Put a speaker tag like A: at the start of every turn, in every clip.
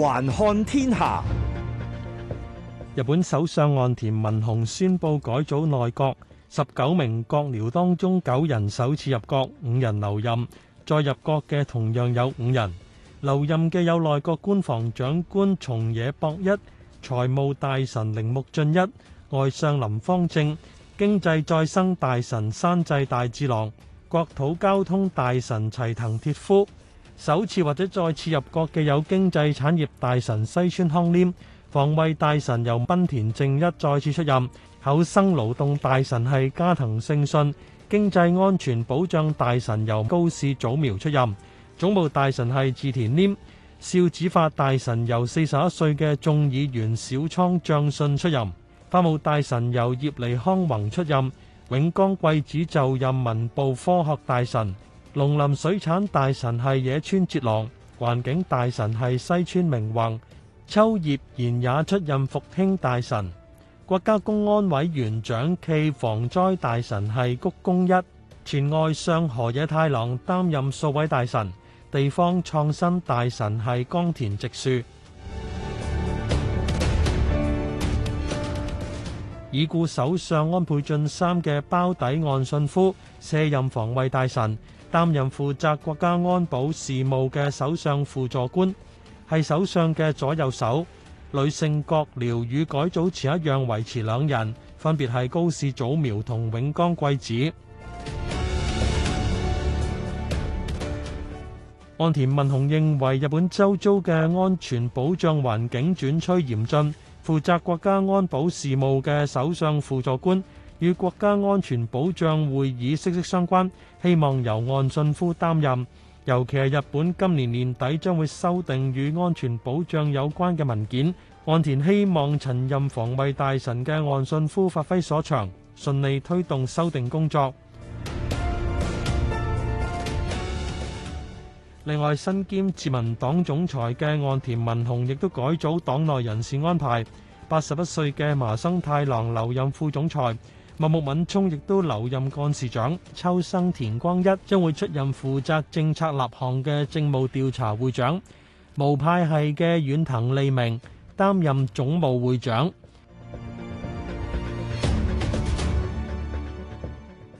A: 環看天下，日本首相岸田文雄宣布改組內閣，十九名閣僚當中九人首次入閣，五人留任，再入閣嘅同樣有五人，留任嘅有內閣官房長官松野博一、財務大臣鈴木俊一、外相林芳正、經濟再生大臣山際大治郎、國土交通大臣齊藤鐵夫。首次或者再次入閣嘅有經濟產業大臣西村康稔，防衛大臣由濱田正一再次出任，厚生勞動大臣係加藤勝信，經濟安全保障大臣由高市早苗出任，總務大臣係志田庵，少子化大臣由四十一歲嘅眾議員小倉將信出任，法務大臣由葉利康宏出任，永江桂子就任文部科學大臣。農林水產大臣係野村哲郎，環境大臣係西村明宏，秋葉賢也出任復興大臣，國家公安委員長暨防災大臣係谷公一，前外相河野太郎擔任數位大臣，地方創新大臣係岡田直樹。已故首相安倍晉三嘅包底岸信夫卸任防衛大臣，擔任負責國家安保事務嘅首相輔助官，係首相嘅左右手。女性閣僚與改組前一樣維持兩人，分別係高市早苗同永岡桂子。岸田文雄認為日本周遭嘅安全保障環境轉趨嚴峻。負責國家安保事務嘅首相輔助官與國家安全保障會議息息相關，希望由岸信夫擔任。尤其係日本今年年底將會修訂與安全保障有關嘅文件，岸田希望曾任防衛大臣嘅岸信夫發揮所長，順利推動修訂工作。另外，身兼自民黨總裁嘅岸田文雄亦都改組黨內人事安排，八十一歲嘅麻生太郎留任副總裁，茂木敏充亦都留任幹事長，秋生田光一將會出任負責政策立項嘅政務調查會長，無派系嘅遠藤利明擔任總務會長。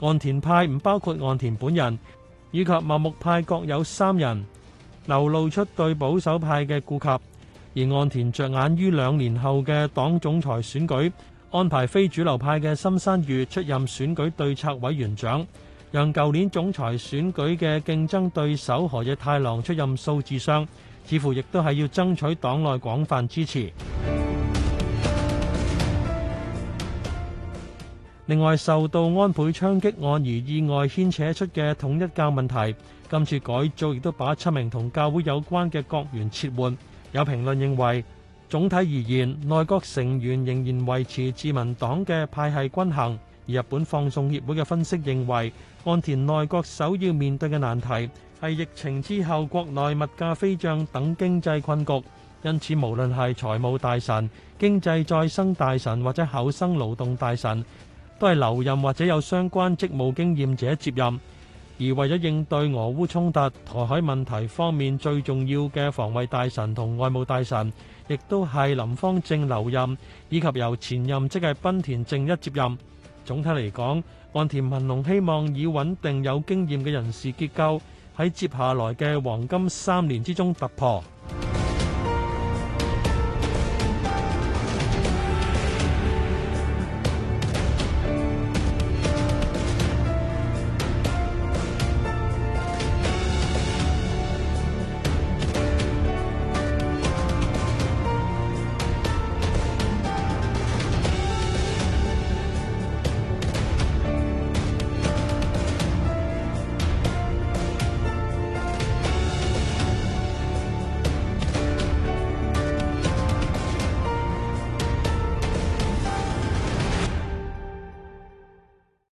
A: 岸田派唔包括岸田本人，以及茂木派各有三人，流露出對保守派嘅顧及。而岸田着眼於兩年後嘅黨總裁選舉，安排非主流派嘅深山裕出任選舉對策委員長，讓舊年總裁選舉嘅競爭對手河野太郎出任數字相，似乎亦都係要爭取黨內廣泛支持。另外，受到安倍槍擊案而意外牽扯出嘅統一教問題，今次改組亦都把七名同教會有關嘅閣員撤換。有評論認為總體而言，內閣成員仍然維持自民黨嘅派系均衡。而日本放送協會嘅分析認為岸田內閣首要面對嘅難題，係疫情之後國內物價飛漲等經濟困局。因此，無論係財務大臣、經濟再生大臣或者厚生勞動大臣，都係留任或者有相關職務經驗者接任，而為咗應對俄烏衝突、台海問題方面最重要嘅防衛大臣同外務大臣，亦都係林芳正留任，以及由前任即係濱田正一接任。總體嚟講，岸田文雄希望以穩定有經驗嘅人事結構喺接下來嘅黃金三年之中突破。